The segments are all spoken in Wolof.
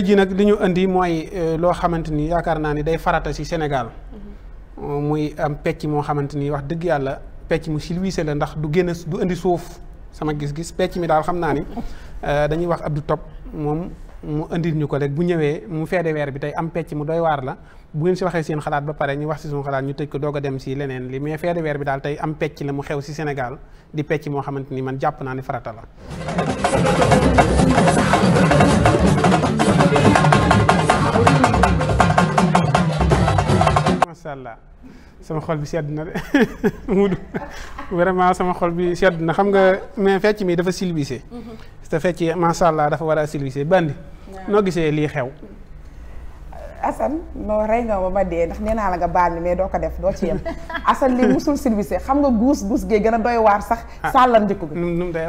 tey nag li ñu indi mooy euh, loo xamante ni yaakaar naa ni day farata ci Sénégal mm-hmm. euh, muy am pecc moo xamante ni wax dëgg yàlla pecc mu silwiise la ndax du génn du indi suuf sama gis-gis pecc mi daal xam naa ni euh, dañuy wax Abdou Top moom mu indi ñu ko rek bu ñëwee mu feede weer bi tey am pecc mu doy waar la bu ngeen si waxee seen xalaat ba pare ñu wax si suñu xalaat ñu tëj ko doog dem si leneen li mais feede weer bi daal tey am pecc la mu xew si Sénégal di pecc moo xamante ni man jàpp naa ne farata macha allah sama xol bi sedd na de Moodu vraiment sama xol bi sedd na xam nga mais fecc mii dafa silbissé mhm. te fecc macha allah dafa war a silbissé bandi noo gisee lii xew Assane noo rey nga ma ma dee ndax nee naa la nga baal mi mais doo ko def doo ci yem Assane li musul service xam nga guus guus gee gën a doy waar sax ah. sàllan jikko bi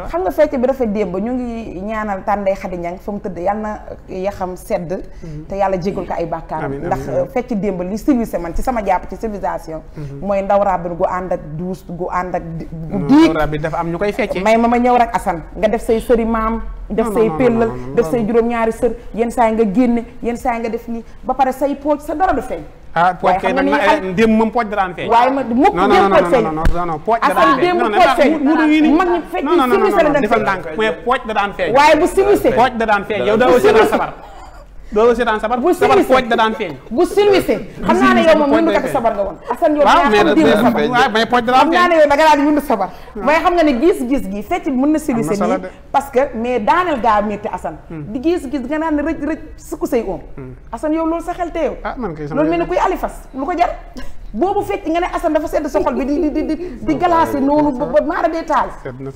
xam nga fecc bi dafa démb ñu ngi ñaanal tànday xadi ñang fa mu tëdd yal na yaxam sedd mhm. te yàlla jegul ko ay bàkkaar ndax fecc démb li service man ci sama jàpp ci civilisation mhm. mooy ndaw rabin gu ànd ak duus gu ànd ak gu mm, diig am ñu koy fecce may ma ma ñëw rek Assane nga def say sëri maam def say pellal def say juróom-ñaari sër yenn saa nga génne yenn saa nga def nii ba pare say pooj sa dara du feeñ ah pooj kay nag démb moom pooj daraan feeñ waaye ma mukk démb pooj feeñ asal démb pooj feeñ mag ñi fekk simisé la daan feeñ waaye bu simisé pooj daraan feeñ yow daa sabar doo seetaan sabar. bu silwise sabar pooj da daan feeñ. bu silwise xam naa ne yow moom mënukatu sabar nga woon. Assane yow yaa xam diiru sabar waaw pooj da daan feeñ. Hmm. xam nga ne gis-gis gi fecc mën na silwise nii parce que mais daaneel gaa métti Assane. Hmm. di gis-gis nga naan rëj rëj sukku say oom. Hmm. Assane yow loolu sa xel te yow. Ah, loolu mel ni kuy alifas lu ko jar. boobu fecc nga ne Assane dafa sedd sa bi di di di di noonu ba maara détail sedd na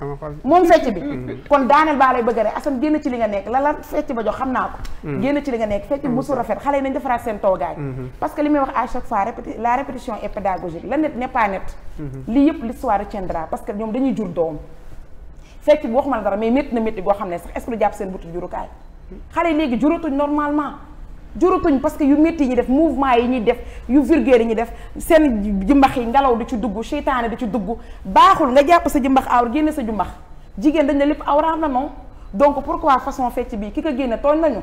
moom fecc bi mhm. kon daaneel baa lay bëgg rek Assane génn ci li nga nekk la la fecc ba jox xam naa ko mhm. génn ci li nga nekk fecc bi mhm. mosul rafet xale yi nañ defaraat seen toogaay parce que li may wax à chaque fois répétition est pédagogique la net n'est net lii yëpp l'histoire retiendra parce que ñoom dañuy jur doom fecc bi waxuma la dara mais métti na métti goo xam ne jurutuñ parce que yu métti yi def mouvement yi ñuy def yu vulgaire yi ñuy def seen jumbax yi ngelaw di ci dugg seytaane di ci dugg baaxul nga jàpp sa jumbax awra génne sa jumbax jigéen dañ ne lépp awraam la non donc pourquoi façon fecc bii ki ko génne tooñ nañu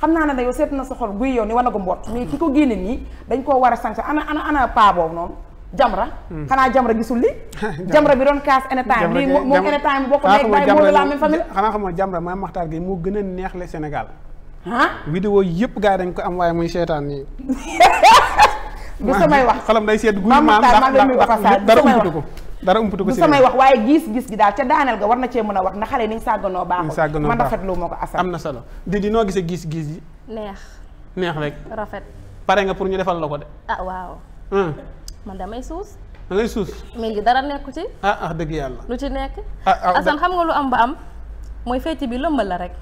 xam naa ne na yow seet na sa xol guy yow ni wanagu mboot mais ki ko génne nii dañ koo war a sanction ana ana ana paa boobu noonu jamra hmm. xanaa jamra gisul li jamra bi doon kaas anytime lii moom anytime bokk nekk bàyyi moo de la même famille xanaa xam neex le Sénégal ah. vidéo yëpp gars dañ ko am waaye muy seetaan nii. du samay wax xalam day seet. guy maam dara umpatu ko. dara umpatu ko si samay wax waaye gis-gis gi daal ca daaneel ga war na cee mën a wax na xale ni sàgganoo baaxul. man rafetlu moo ko asal. am na solo di noo gisee gis-gis yi. neex. neex rek. rafet. pare nga pour ñu defal la ko de. ah waaw. man damay suus. da ngay suus. mais li dara nekku ci. ah ah dëgg yàlla. lu ci nekk. ah, ah Assane xam nga lu am ba am mooy fecc bi lëmbal la rek.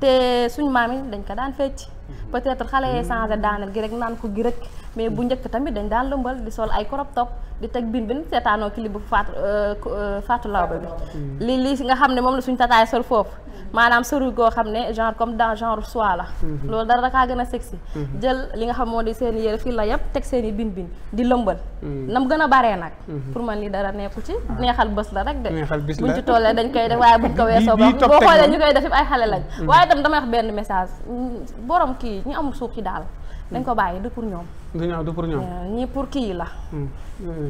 te suñu maam yi dañ ko daan fecc Mhm. peut-être xale yee mm. changé daaneel gi rek naan ko gi rek mais bu njëkk tamit dañ daan lëmbal di sol ay crop top di teg bin bin seetaanoo clip bu faatu euh, euh, faatu lawbe bi mm. li li nga xam ne moom la suñ tataay sol foofu mm. maanaam sori goo xam ne genre comme dans genre soie la mm-hmm. loolu dara dakaa gën a sexy mm-hmm. jël li nga xam moo di seen yére fii la yëpp teg seen i bin bin di lëmbal nam gën a baree nag mm-hmm. pour man li dara nekku ci neexal bés la rek de buñ ci tollee dañ koy def waaye buñ koy def ay xale lañ kii ñi amul suux ci daal dañ ko bàyyi du pour ñoom du ñaaw du pour ñoom eh, ñi pour kii la hmm.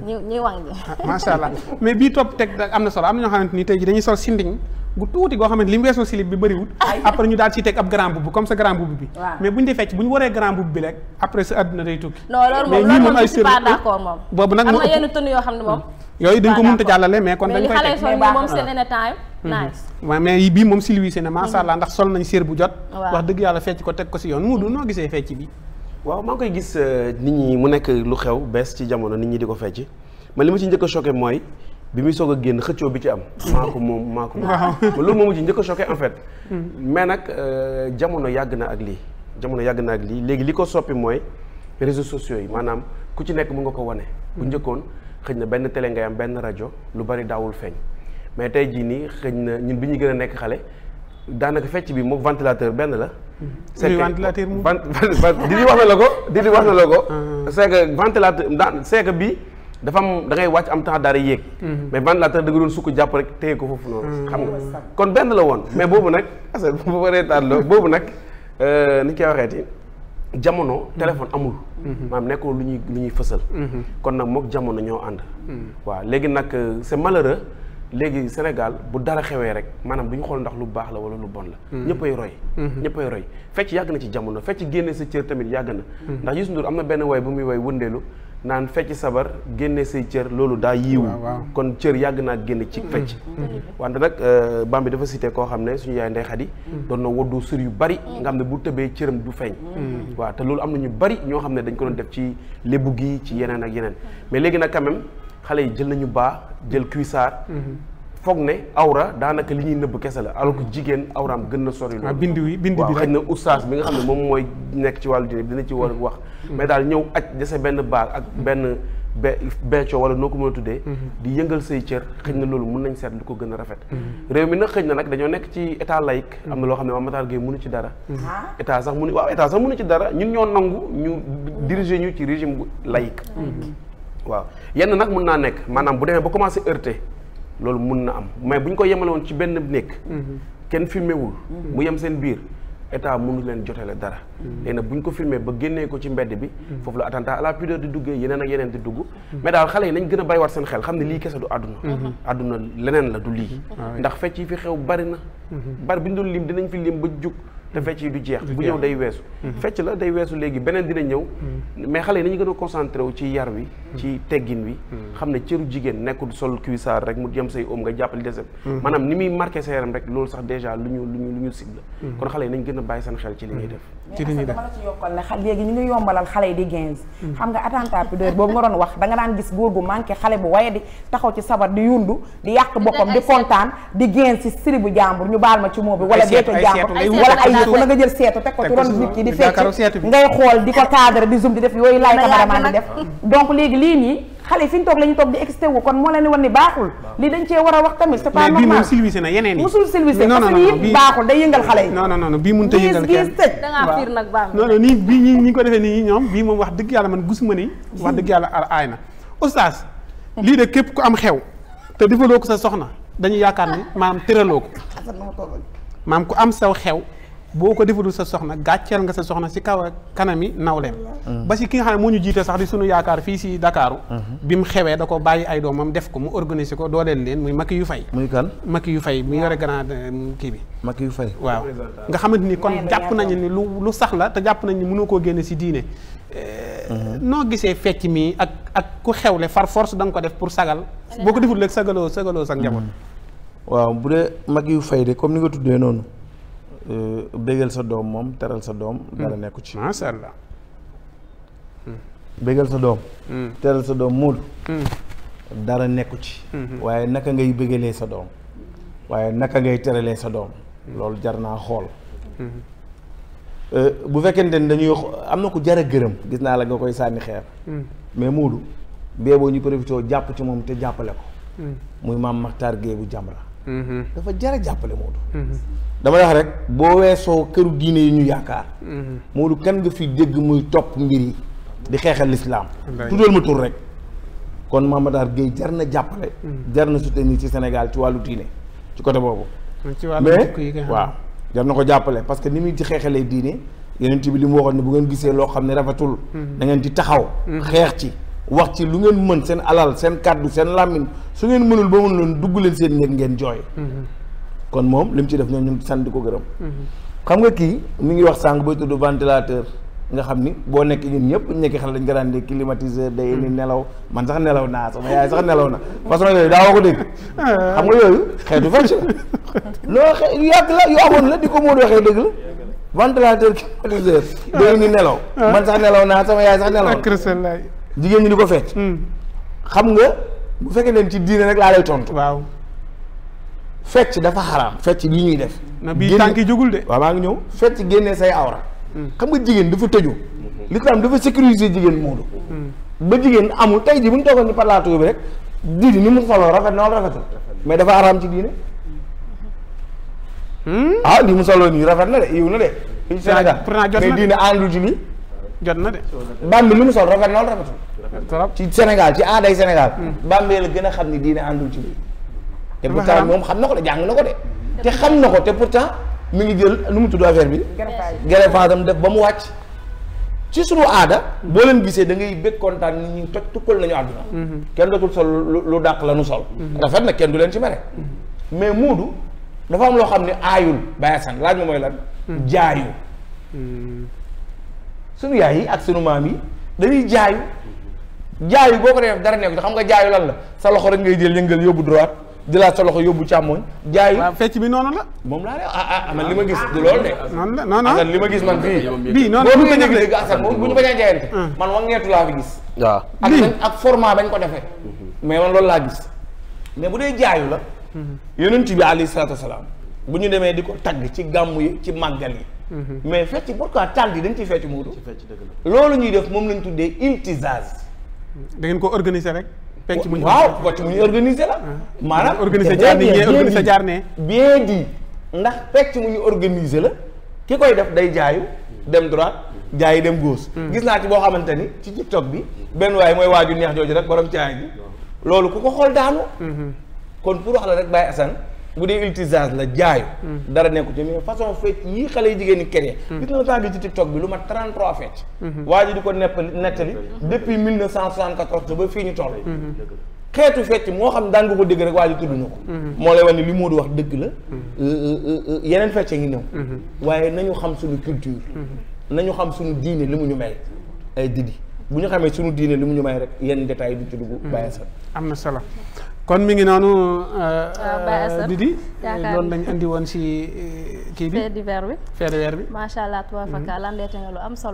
ñi wang ñi ah, mais bii topp teg am na solo am na ñoo xamante ni tey ji dañuy sol sindiñ gu tuuti goo xamante li mu weesoo silib bi bëriwut après ñu daal ci teg ab grand boubou comme sa grand boubou bi mais bu ñu defee ci bu ñu waree grand boubou bi rek après sa àdduna day tukki non loolu moom loolu moom je suis d'accord moom boobu nag moom yooyu dañ ko mënta jàllale nice waaw mhm. mais bii moom silvissé na macha allah ndax sol nañ séer bu jot. wax dëgg yàlla fecc ko teg ko si yoon Moodu noo gisee fecc bi. waaw maa ngi koy gis euh, nit ñi mu nekk lu xew bees ci jamono nit ñi di ko fecc man li ma ci njëkk a choqué mooy bi muy soog a génn xëccoo bi ci am. maa ko moom maa ko moom loolu moom ci njëkk a choqué en fait. Mhm. mais nag euh, jamono yàgg na ak lii jamono yàgg na ak lii léegi li ko soppi mooy réseaux sociaux yi maanaam ku ci nekk mën nga ko wane. bu mhm. njëkkoon xëy na benn télé ngay am benn rajo lu bari daawul feeñ. mais tey jii nii xëy na ñun bi ñuy gën a nekk xale daanaka fecc bi moom ventilateur benn la. Mm-hmm. c'est que ventilateur mu didi wax na ko wax na la ko. Ah. c'est que ventilateur daan c'est bi dafa am da wàcc am temps daara yéeg. Mm-hmm. mais ventilateur da nga doon sukk jàpp rek téye ko foofu noonu. Mm-hmm. xam nga kon benn la woon mais boobu nag parce que bu waree taat la boobu nag euh, ni ñu koy waxeeti jamono téléphone amul. maanaam nekkul lu ñuy lu ñuy fësal. kon nag mook jamono ñoo ànd. waaw léegi nag euh, c'est malheureux. léegi Sénégal bu dara xewee rek maanaam bu ñu xool ndax lu baax la wala lu bon la mm-hmm. ñëppay roy mm-hmm. ñëppay roy fecc yàgg na ci jamono fecc génne sa cër tamit yàgg na mm-hmm. ndax Youssou Ndour am na benn way bu muy way wëndeelu naan fecc sabar génne say cër loolu daa yiiwu kon cër yàgg naa génn ci fecc wante nag euh, bam bi dafa cité koo xam ne suñu yaay Ndey yi doon na woddu sur yu bari nga xam ne bu tëbee cëram du feeñ waaw te loolu am na ñu bari ñoo xam ne dañ ko doon def ci lébu gi ci yeneen ak yeneen mais léegi nag quand xale yi jël nañu baax jël cuissard mhm. foog ne awra daanaka li ñuy nëbb kese la alors que jigéen awraam gën na sori loolu ah, bind wi bind bi xëy na oustaz bi nga xam ne moom mooy nekk ci wàllu diine dina ci war wax mhm. mais daal ñëw aj dese benn baag ak mhm. benn be beccoo wala noo ko mën tuddee di yëngal say cër xëñ na loolu mun nañ seet lu ko gën a rafet réew mi nag xëy na nag dañoo nekk ci état laïque am na loo xam ne Mame Matar Gueye mënu ci dara ah. état sax mënu waaw état sax mënu ci dara ñun ñoo nangu ñu diriger ñu ci régime laïque waaw yenn nag mun naa nekk maanaam bu demee ba commencé heurter loolu mun na am mais bu ñu ko yemale ci benn néeg mhm. kenn filmé wul mhm. mu yem seen biir état mënu leen jotee jotele dara mhm. léegi nag bu ñu ko filmé ba génnee ko ci mbedd bi foofu la attentat à la di duggee yeneen ak yeneen di dugg mais daal xale yi nañ gën a bàyyiwaat seen xel xam ne lii kese du àdduna àdduna leneen la du lii ndax fecc yi fi xew bari na bari bu ñu doon lim dinañ fi lim ba jug te fecc yi du jeex bu ñëw day weesu mhm. fecc la day weesu léegi beneen dina ñëw mhm. mais xale yi nañu gën a concentré wu ci yar wi mhm. ci teggin wi xam ne cëru jigéen nekkul sol cuissard rek mu jëm say oom nga jàppali desem maanaam ni muy marqué sa yaram rek loolu sax déjà lu ñu lu ñu lu ñu cible kon xale yi nañ gën bàyyi seen xel ci li ñuy def ci li ñuy def la ci yokkal ne yombalal xale yi di gins xam nga attentat pudeur boobu nga doon wax da nga daan gis góor gu manqué xale bu waye taxaw ci sabar di yundu di yàq boppam di kontaan di gins si siri bu jàmbur ñu baal ma ci moo bi wala beeto seetu wala nga jël seetu teg ko ci ron lii nii xale yi fi ñu la ñu toog di excité wu kon moo leen wan ni baaxul lii dañ cee a wax tamit c'est pas normal mais na yeneen yi musul silvisé parce que yii baaxul day yëngal xale yi non non non bii mun ta yëngal kenn da ngaa fiir nag baax non ko defee nii ñoom bii moom wax dëgg yàlla man gisuma ni wax dëgg yàlla aay na oustaz lii de képp ku am xew te defaloo ko sa soxna dañu yaakaar ni maam tëraloo ko maam ku am saw xew boo ko defudul sa soxna gàcceel nga sa soxna si kaw kanami nawleem mm. ba si ki nga xam ne moo ñu jiite sax di suñu yaakaar fii si Dakaaru mm-hmm. bi mu xewee da ko bàyyi ay doomam def ko mu organiser ko dooleel leen muy Macky yu fay muy kan Macky yu fay mu yore grand euh, kii bi Macky yu fay waaw nga xamante ni kon jàpp nañu ni lu lu sax la te jàpp nañu ni mënoo koo génne si diine mm-hmm. euh, noo gisee fecc mi ak ak ku xewle far force danga ko def pour sagal boo ko deful rek sagaloo sagaloo sa njaboot mm-hmm. waaw bu dee Macky yu fay de comme ni nga tuddee noonu Euh, bégal sa doom moom teral sa doom hmm. dara nekku ci macha allah hmm. bégal sa doom hmm. teral sa doom muul dara nekku ci waaye naka ngay bégalee sa doom waaye naka ngay teralee sa doom loolu jar naa xool euh, bu fekkente ni dañuy am na ko jar a gërëm gis naa la nga koy sànni xeer mais muudu beeboo ñu profité jàpp ci moom te jàppale ko muy maam maxtar Géey bu Jamra dafa jar a jàppale Moodu. dama wax rek boo weesoo këru diine yi ñu yaakaar. Moodu kan nga fi dégg muy topp mbir yi di xeexal lislaam tuddal ma tur rek. kon Mamadar Gueye jar na jàppale. Mm. jar na soutenir ci Sénégal ci wàllu diine ci côté boobu. Mm, ci wàllu mais waaw jar na ko jàppale parce que ni muy ci xeexalee diine yeneen bi li mu waxoon ne bu ngeen gisee loo xam ne rafetul. da mm. ngeen di taxaw xeex ci. wax ci lu ngeen mën seen alal seen kàddu seen làmmiñ su ngeen mënul ba mën loon dugg leen seen néeg ngeen jooy mhm. kon moom li mu ci def ñoom ñu sant di ko gërëm mhm. xam nga kii mi ngi wax sànq bay tudd ventilateur nga xam ni boo nekk ñun ñëpp nekk xel dañ ko daan dégg climatiseur day ni mhm. nelaw man sax nelaw naa sama yaay sax nelaw na façon yooyu daa woo ko dégg ah. xam nga yooyu xeetu fecc loo xe la yu la di ko moo waxee dëgg la ventilateur climatiseur day ni nelaw ah. man sax nelaw naa sama yaay sax jigéen ñi di ko fecc hmm. xam nga bu fekkee leen ci diine rek laa lay tontu waaw fecc dafa xaraam fecc li ñuy def na bii tànk yi jógul de waaw maa ngi ñëw fecc génnee say awra hmm. xam nga jigéen dafa tëju hmm. l'islam dafa sécuriser jigéen moodu ba jigéen amul tey ji bu ñu toogoon ci plateau bi rek diidi ni mu soloo rafet na wala mais dafa araam ci diine ah li mu soloo nii rafet na de yiw na de fii Sénégal mais diine àndul ji lii jot na de. Bambi lu mu sol rafet noonu rafetul. trop ci Sénégal ci aaday Sénégal. Hmm. Bambi la gën a xam ni diine àndul ci biir. te pourtant moom xam na ko de jàng na ko de. te xam na ko te pourtant mu ngi jël lu mu tudd affaire bi. greffage am def ba mu wàcc. ci sunu aada. boo leen gisee da ngay bëgg kontaan nit ñi toj tukkal nañu àdduna. Hmm. kenn dootul sol lu dàq la nu sol. Hmm. rafet na kenn du leen ci mere. mais muudu dafa am loo xam ne aayul bayasan laaj ma mooy lan. jaayu. suñu yaay yi ak suñu maam yi dañuy jaayu jaayu boo ko def dara nekk xam nga jaayu lan la sa loxo rek ngay jël yëngal yóbbu droite jëlaat sa loxo yóbbu càmmoñ jaayu fecc bi noonu la moom laa de ah man ah li ma gis du loolu de noonu la noonu li ma gis man fii bii noonu la bu ñu dégg asan bu ñu bañ a jaayante ah. laa fi gis waaw ak ak format bañ ko defee mais man loolu laa gis mais bu dee jaayu la mhm. yonent bi alayhi salaatu wasalaam bu ñu demee di ko tagg ci gàmm yi ci màggal yi Mm-hmm. mais fecc pourquoi taal yi dañ ciy fecc Moodu. loolu ñuy def moom lañ tuddee iltisaz. da ngeen ko organiser rek. pecc mu ñu waaw pecc mu ñu organiser la. Ah. maanaam organiser jaar ne organiser jaar ne. bien dit ndax pecc mu ñu organiser la ki koy def day jaayu dem droite jaayi dem gauche. Mm. gis naa ci boo xamante ni ci TikTok bi benn waaye mooy waaju neex jooju rek borom caay gi loolu ku ko xool daanu. Mm-hmm. kon pour wax la rek Baye Assane. bu dee ultisage la jaayu. dara nekku ci mais façon fecc yii xale yi jigéen ñi créé. Hmm. gis nga temps bi ci TikTok bi lu mat 33 fecc. Hmm. waa ji di ko nepp nettali hmm. depuis 1974 ba fii ñu toll. xeetu fecc moo xam daan nga ko dégg rek waa ji tudd na ko. moo lay wax ne li Modou wax dëgg la. Euh, euh, euh, yeneen fecc ngi ñëw. waaye na ñu xam suñu culture. nañu xam suñu diine li mu ñu mel ay didi bu ñu xamee suñu diine li mu ñu may rek yenn détails du ci dugg. bàyyi sa am na solo. kon mu ngi noonu. waaw di di loolu lañ andi woon si euh, kii bi. fait divers bi. fait divers bi. macha allah tubaab mm-hmm. fakka lan deete nga lu am solo.